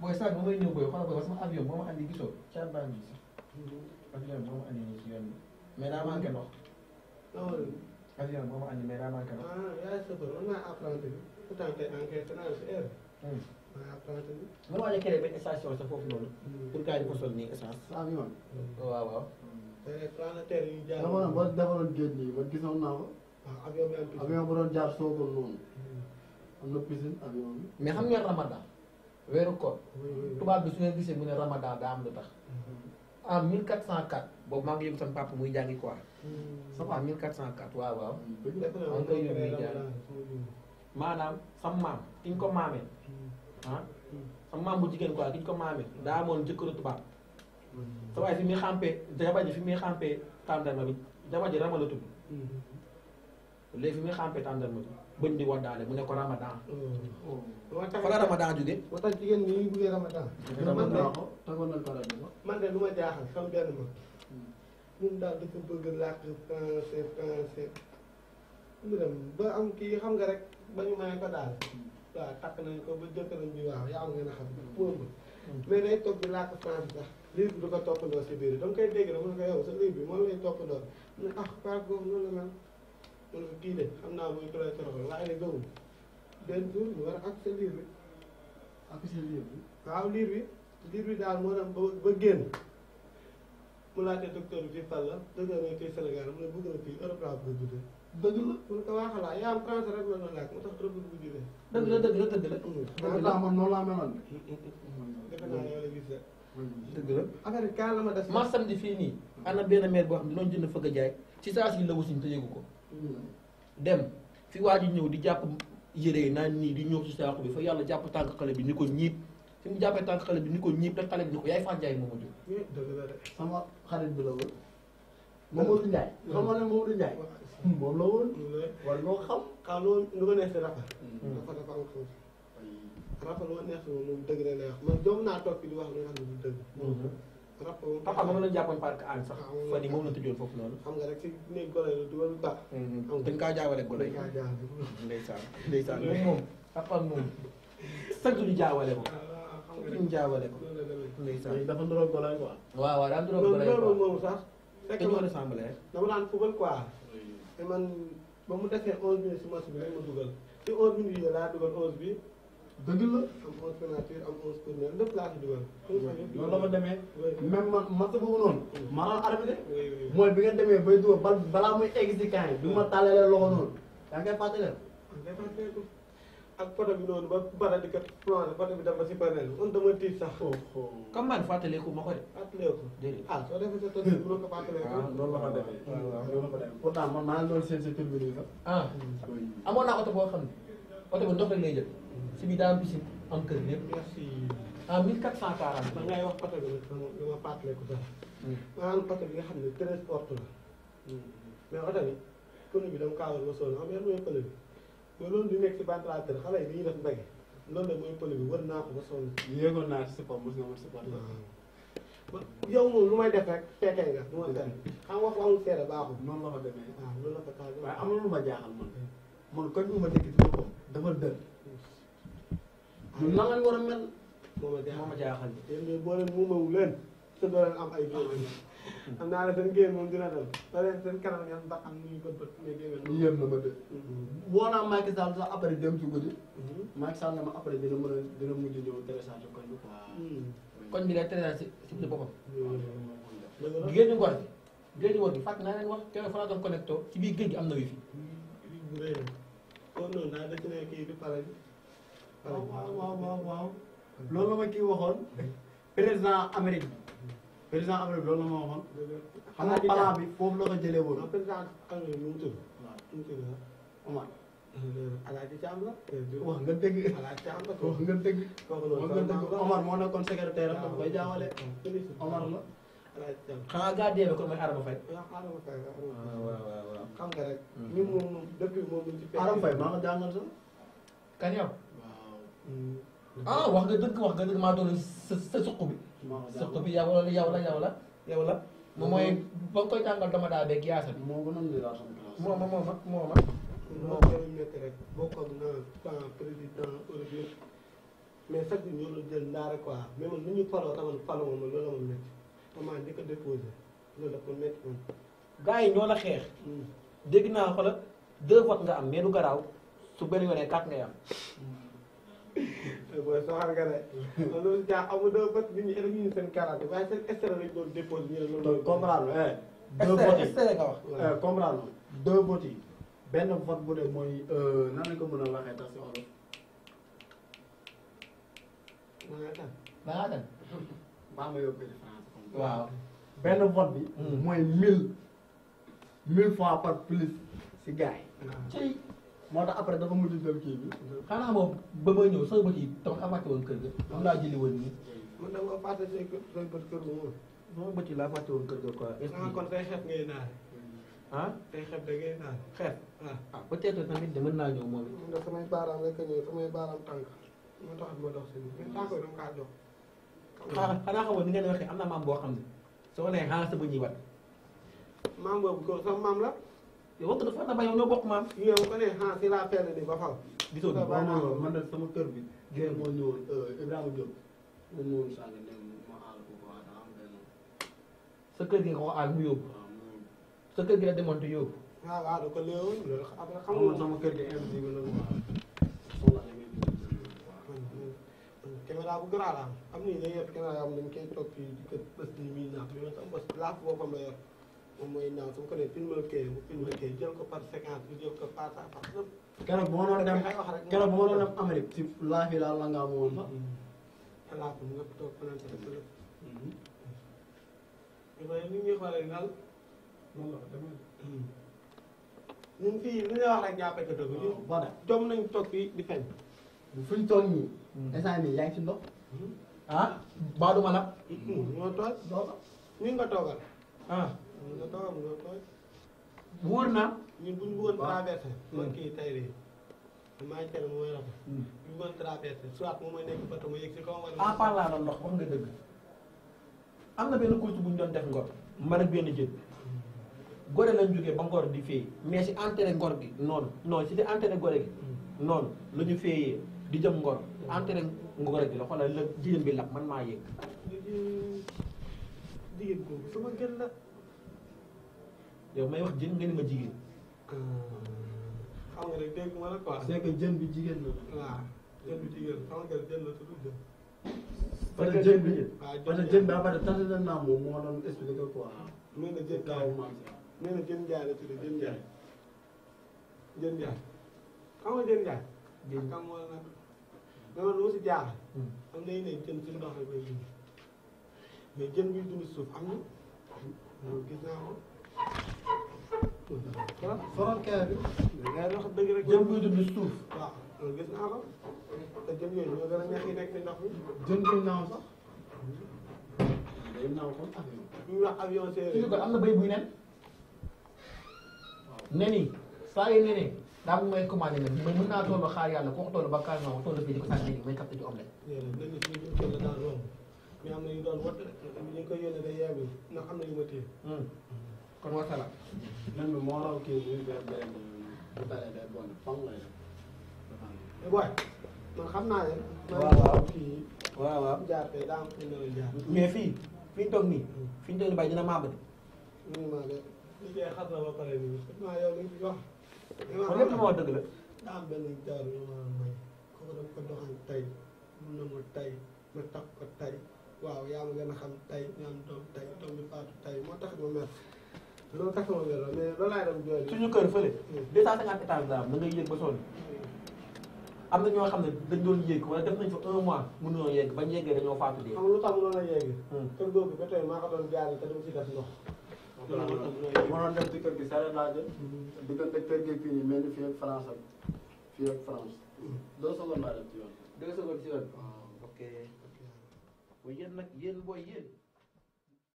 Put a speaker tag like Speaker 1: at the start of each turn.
Speaker 1: booy sànq ba may ñëw booy xoolal booy sama avion moo ma andi gisoo ca baa ngi si avion moo ma andi nii si yoon bi mais daa manqué ndox. avion moo ma andi mais daa manqué ndox. ah yaa sëfër man maa apprenti bi pourtant tey enquête naa si heure. maa apprenti bi. mën naa la créé benn station sa foofu noonu. Hmm. pour gars yi ko sol nii essence. avion. waaw waaw. te planétaire yi jaar. dama ne boo defaroon géej nii man gisoon naa ko. avion bi am piscine avion bu doon jaar soogul noonu. am na piscine avion bi. mais xam nga ramadan. weeru koor tubaab bi su ngeen gisee mu ne ramadan daa am lu tax mm-hmm. en 1404 boobu maa ngi yóbbu sama papa muy jàngi quoi mm-hmm. en 1404 waaw waaw mm-hmm. maa ngi koy yóbbu muy jàng maanaam sama maam ki ñu ko maamee ah sama maam bu jigéen ko ki ñu ko maamee daa amoon jëkkëru tubaab sa waay fi muy xampee jabar ji fi muy xampee tàndarma bi rama la léegi bi muy xàmpee tàndarma bi bëñ di waddaale mu ne ko ramadan. Mm. fa la ramadan jóge. moo tax jigéen ñi ñuy buggee ramadan. man de man de lu ma jaaxal sama benn ma. Mm. ñun daal dafa bëgg làkk français français. mbiram ba am kii xam nga rek ba ñu may ko daal. Mm. waaw takk nañ ko ba jëkkëram bi waaw yaa ngi leen a xam. boobu mais day toog di làkk français sax. liir bi du ko toppandoo si biir da nga dégg rek ko yow sa liir bi moom lay toppandoo. mu ne ah par rapport noonu la mel. mun kii de xam naa muy prêter loxo waaye nag gëmul benn jour ñu war a ak sa liir bi ak sa liir bi waaw liir bi liir bi daal moo dem ba ba génn mu laajte docteur bi fii la docteur na fii Europe laa bëgg a dëgg la mun ko bu juddee dëgg la dëgg la dëgg la dëgg la man noonu laa meloon defe naa yow la dëgg la affaire bi des ma samedi fii nii ana benn maire boo xam ne doon jënd fëgg a jaay ci saa si la wasiñ te yëgu ko dem fi waa ji ñëw di jàpp yére yi naan nii di ñëw si saako bi fa yàlla jàpp tànk xale bi ni ko ñiib fi mu jàppee tànk xale bi ni ko ñiib da xale bi ni ko yaay Fane Ndiaye moom a jóg. sama xarit bi la woon. Mamadou xam ne mm. Mamadou dëgg la lay wax man jom naa toog di wax lu nga xam ne du dëgg. Mm-hmm. rapport papa moom la ñu jàppoon parc àll sax. Ah, fan yi moom la tëjoon foofu noonu. xam nga rek ci néeg gone la dugal baax. dañ kaa jaawale gone yi. ndeysaan ndeysaan moom papa moom sant ñu jaawale jaawale ko. Ah, ah, dafa ndoróog gone quoi. waaw waaw daa ndoróog gone quoi sax. fekk dañoo ressemblé. dama daan te man bi rek ma laa dugal onze bi. dëgg la. loolu la ma demee. même man man sa boobu noonu. maanaam arbitre mooy bi nga demee bay dugal bal balaa muy egg si camp yi bi ma tàllalee loxo noonu. yaa ngi koy fàttaleel. ak poto bi noonu ba bara di ko plongé poto bi dafa si panel on dama tiit sax. comme man fàttaliku ma ko de. fàttaliku déedéet ah soo defee sa tool bi bu ko fàttalee. waaw ah, loolu la ma demee. waaw ah, loolu la ma demee pourtant man maa ngi doon seen sa tur bi nii sax. ah amoon naa oto boo xam ne oto bi ndox rek lay jël. si bi daa bisi piscine am kër lépp. merci. Ah, en 1440. ngay wax pàcc bi ko sax. Hmm. maanaam pàcc bi nga xam ne treize portes la. Hmm. mais bi pëne bi dama kaa war a sonn xam nga mooy pëne bi mais nekk si def mbéy loolu la mooy pëne bi war naa ko ba sonn. yéegoon naa si support mos nga mën support yow moom lu may def rek fekkee nga. lu ma tere xam nga waxul seere baaxul. noonu la ko demee waaw loolu la ko tax lu ma jaaxal man man kon ñu ma dégg ci boppam dama dël ñun nan war a mel. moom a jaaxal yéen de boo leen muumawu leen te doo am ay géwél am naa ne seen géwél moom dina dem ba leen seen kanam ngeen ba am nu ñu ko bët mais yem na ma de mm-hmm. woo naa Macky Sall sax après dem ci guddi mm-hmm. Macky Sall na ma après dina a dina mujj ñëw télésage ci kon bi quoi mm-hmm. koñ bi lay télésage si si boppam géej ñu ngor gi géej ñu ngor gi fàtt naa leen wax keroog fa la ci biir géej gi am na wifi non non daa dëkk ne waaw waaw waaw loolu la ma kii waxoon président Amérique bi président Amérique bi loolu la ma waxoon. xam nga plan bi foofu la ko jëlee woon. président Amérique nu mu tudd. waaw Alaaji Thiam la. wax nga dëgg. Alaaji Thiam la wax nga dëgg. wax nga dëgg Omar moo nekkoon secrétaire am koy jaawale. Omar la. xanaa gardien bi kon mooy Adama Faye. Ah, waaw waaw waaw xam nga rek. ñun moom depuis moom ci. Adama Faye maa nga jàngal sax. kañ yow. ah wax nga dëgg wax nga dëgg maa doon sa sa bi. suq bi yow la yow la yow la moom mooy ba koy tàngal dama daa beeg yaasa bi. moo gënoon li ma moo ma moo ma. moo nekk rek mais chaque jour ñoo ma loolu la ko métti man. gars yi ñoo la xeex. Hmm. dégg naa xoolal deux votes nga am mais garaaw su benn yoonee quatre ngay am. Hmm. booy soxal nga ne. loolu jaa amul deux votes nit ñi dañuy ñu seen karaté waaye seen extrait lañ doon déposé ñu ne loolu. donc comprendre deux votes eh, extrait nga wax. Euh, comprendre deux votes yi benn vote bu dee mooy euh, nan ko mën a waxee tax si wàllu. da ngaa dem. maa ma yóbbu France. waaw benn vote bi. Hmm. mooy mille mille fois par plus si gars moo tax après dafa mujj dem kii bi xanaa moom ba may ñëw sooy bët yi tamit avancer woon kër ga moom laa jëli woon nii. man da nga fàtte say o sooy bët kër ga moom. sama bët yi laa fàtte woon kër ga quoi. est ce kon tey xeet ngay naan. ah tey xeet da nga naan xeet. ah, ah peut être tamit de mën naa ñëw moom it. ndax samay baaraam rek a ñëw samay baaraam tànk moo tax ma dox seen i tànk yi dama kaa jox. xanaa xanaa xamoon ni ngeen waxee am na maam boo xam ne soo nee xaaral sa bëñ yi wat. maam boobu ko sama maam la. yow waxtu dafa dama yow ñoo bokk maam. yow ko ne ah si laa fenn di ba faaw. gisoo di ba man de sama kër bi. géer moo ñëwoon euh, Ibrahima Diop moo ñëwoon Sadio Deme ma aal ko waaw daa am benn. sa kër gi nga mu yóbbu. sa kër gi la demoon te yóbbu. waaw waaw da ko léewoon loolu après xam nga sama kër gi invité bi la caméra bu gën a am am nañu ne yëpp caméra yoo xam ne dañu koy topp fii di kër bés bi muy naax bi nga xam bés laaf boppam la moom mooy naaw su ma ko nee film kay film kay jël ko par séquence bi jël ko par par lépp. keroog mm-hmm. bu ma doon laa fi laa la ngaa amoon fa. xalaat nga toog planté sa lépp. waaye ni ñuy fii li ñu wax rek ñaata jot a. waaw fu ñu toog nii. Mm-hmm. instant bii ndox. Mm-hmm. ah baaduma nag. ñoo toog ñun nga toogal. ah. wóor na. ñun bu ñu bëggoon traversé. man hmm. kii tey de maa ngi hmm. nga dëgg am na benn course bu ñu doon def ngor. man ak benn jën. Hmm. gore lañ jógee ba ngor di féey mais si entrée ngor gi noonu non si entrée gore gi noonu la ñu di jëm ngor entrée ngor gi la la jigéen bi lap man maa yëg. sama gën la. yow may wax jën nga ni ma jigéen. Euh, xam nga rek dégg ma la quoi. c'est que jën bi jigéen la. waaw jën bi jigéen xam nga jën la tudd jën. que jën bi parce que jën bi na naa moom moo doon expliqué quoi. nee na jën jaay nee na jën jaay la tudd jën jaay. jën jaay xam nga jën jaay. jën jaay xam nga nag dama lu si jaar. Hmm. am na yeneen jën ci ndox rek lay mais jën bi dund suuf am na. gis naa ko. ah faral kay bi. gars yi wax dëgg rek. jën buy dund suuf. waaw loolu gis naa jën yooyu ñoo gën a ñax yi nekk jën buy naaw sax. day naaw comme avion. bu ñuy wax avion séeréer. su na naa toll xaar yàlla kooku toll ba kaay ma wax toll di ko sànni nii may capté ci omelette. yéen a ngi mais am na yu doon wat rek ñu koy yónnee day yaabi ndax am na yu ma téye. kon wasala. nen bi moo raw kii bi benn benn bu dalee day bon fan lay def. waaw man xam naa leen. waaw waaw kii. waaw waaw jaar fee daa am indi lay jaar. mais fii fi ñu toog nii. fi ñu toog nii bay dina màbb de. ñu ngi màbb de. li ngay xam na ba pare nii. maa yow li ñu wax. kon lépp moo dëgg la. daa am benn jaar yu ma may. kooku dama ko doxal tey mun na ma tey ma takk ko tey waaw yaa ma gën a xam tey ñu am doom tey doom bi faatu tey moo tax ma mer. loolu tax sama ngeen suñu kër fële deux cent cinquante étages la am da ngay yéeg ba sonn am na ñoo xam ne dañ doon yéeg wala def nañ fa un mois mënuñoo yéeg bañ yéegee dañoo faatu dee xam nga lu tax mënoon a yéegi hmm. kër googu ba tey maa ko doon jaari te dama ci def
Speaker 2: ndox
Speaker 1: mënoon def ci kër gi saret laa jël diggante kër gi fii nii mel ni fii ak France ak fii ak France hmm. deux secondes laa def ci yoon deux secondes ci yoon ah. ok yéen nag yéen booy yéen